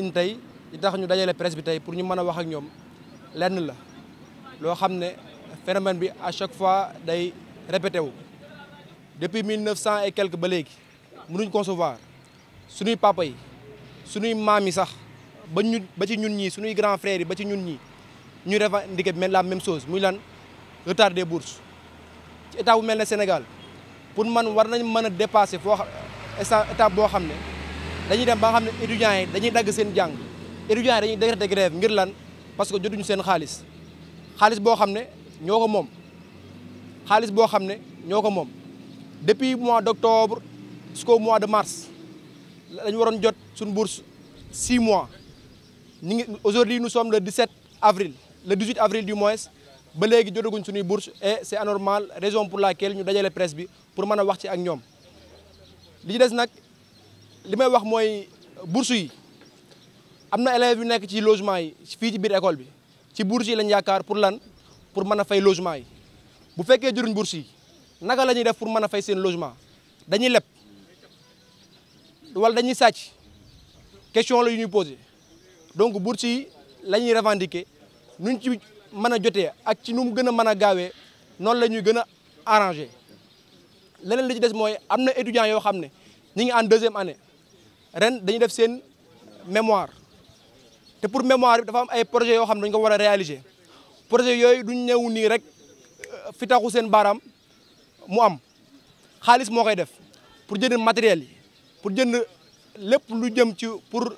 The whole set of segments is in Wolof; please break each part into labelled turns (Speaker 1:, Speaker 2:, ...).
Speaker 1: in tey li tax ñu dajale presse bi tey pour ñu mën a wax ak ñoom lenn la loo xam ne phénomène bi à chaque fois day répété wu depuis mille neuf cent et quelque ba léegi mënuñ concevoir suñuy papa yi suñuy maam yi sax ba ñu ba ci ñun ñii suñuy grand frères yi ba ci ñun ñii ñuy revendiquer même la même sos muy lan retard des bourses ci état mel na Sénégal pour man war nañ mën a dépasser foo xam étape boo xam ne dañuy dem ba nga xam ne étudiants yi dañuy dagg seen jàng étudiants yi dañuy décréter grève ngir lan parce que jotuñu seen xaalis xaalis boo xam ne ñoo ko moom xaalis boo xam ne ñoo ko moom depuis mois d' octobre jusqu'au mois de mars lañu waroon jot suñu bourse six mois ñu ngi aujourd'hui nous sommes le 17 avril le 18 avril du mois ba léegi jotaguñ suñuy bourse et c'est anormal raison pour laquelle ñu dajale presse bi pour mën a wax ci ak ñoom li des nag li may wax mooy bourse yi am na élèves yu nekk ci logement yi fii ci biir école bi ci bourse yi lañ yaakaar pour lan pour mën a fay logement yi bu fekkee juruñ bourse yi naka la ñuy def pour mën a fay seen logement dañuy leb wala dañuy sàcc question la yu ñuy posé donc bourse yi la ñuy revendiquer nuñ mën a jotee ak ci nu mu gën a mën a gaawee noonu la ñuy gën a arrangé leneen li ci des mooy am na étudiants yoo xam ne ñu ngi en deuxième année ren dañuy def seen mémoire te pour mémoire bi dafa am ay projets yoo xam ne dañu ko war a réaliser projet yooyu duñ ñëw nii rek euh, fi seen baaraam mu am xaalis moo koy def pour jënd matériel yi pour jënd lépp lu jëm ci pour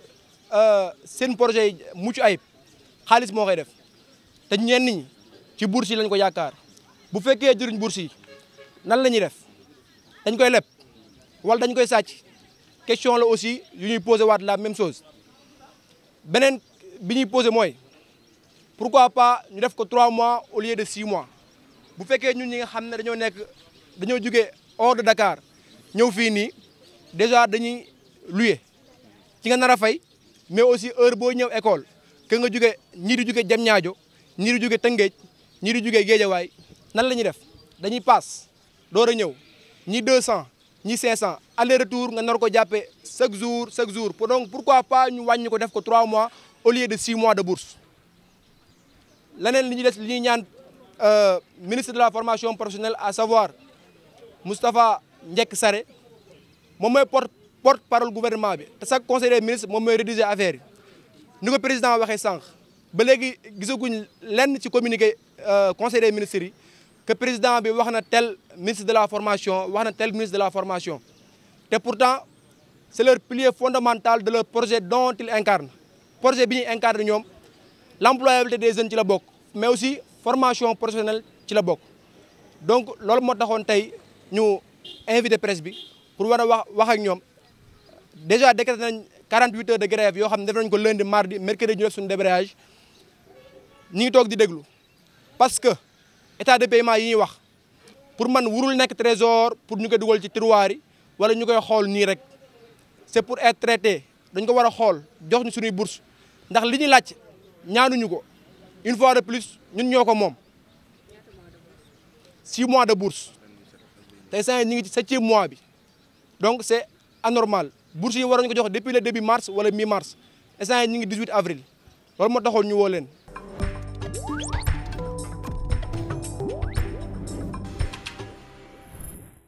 Speaker 1: euh, seen projet yi mucc ayib xaalis moo koy def te ñenn ñi ci bourse yi lañ ko yaakaar bu fekkee jëriñ bourse yi nan la ñuy def dañ koy leb wala dañ koy sàcc question la aussi yu ñuy posé waat la même chose beneen bi ñuy posé mooy quoi pas ñu def ko trois mois au lieu de 6 mois bu fekkee ñun ñi nga xam ne dañoo nekk dañoo jógee hors de Dakar ñëw fii nii déjà dañuy luye ci nga nar a fay mais aussi heure boo ñëw école que nga juge ñii di jóge jam ñaajo ñi di jóge Tëngéej ñi di jóge Géejawaay nan la ñuy def dañuy paas door a deux ñi 200 ñi 500 aller retour nga nar ko jàppee chaque jour chaque jour donc pourquoi pas ñu wàññi ko def ko 3 mois au lieu de 6 mois de bourse leneen li ñuy des li ñuy ñaan euh, ministre de la formation professionnelle à savoir Moustapha Njekk Sare moom mooy porte porte parole gouvernement bi te chaque conseil des moom mooy rédiger affaire yi ni ko président waxee sànq. ba léegi gisaguñ lenn ci communiqué euh, conseil des ministres yi que président bi wax na tel ministre de la formation wax na tel ministre de la formation te pourtant c'est leur pilier fondamental de leur projet dont ils incarnent projet bi ñuy incarne ñoom l'employabilité des jeunes ci la bokk mais aussi formation professionnelle ci la bokk donc loolu moo taxoon tey ñu invité presse bi pour war a wax wax ak ñoom déjà décrété nañ 48 heures de grève yoo xam ne def nañ ko lundi mardi mercredi ñu def suñu ñu ngi toog di déglu parce que état de paiement yi ñuy wax pour man wurul nekk trésor pour ñu koy dugal ci tiroir yi wala ñu koy xool nii rek c'est pour être traité dañ ko war a xool jox ñu suñuy bourse ndax li ñuy laaj ñaanuñu ko une fois de plus ñun ñoo ko moom six mois de bourse tey saa ñu ngi ci septième mois bi donc c'est anormal bourse yi waroon ko jox depuis le début mars wala mi mars instant yi ñu ngi 18 avril loolu moo taxoon ñu woo leen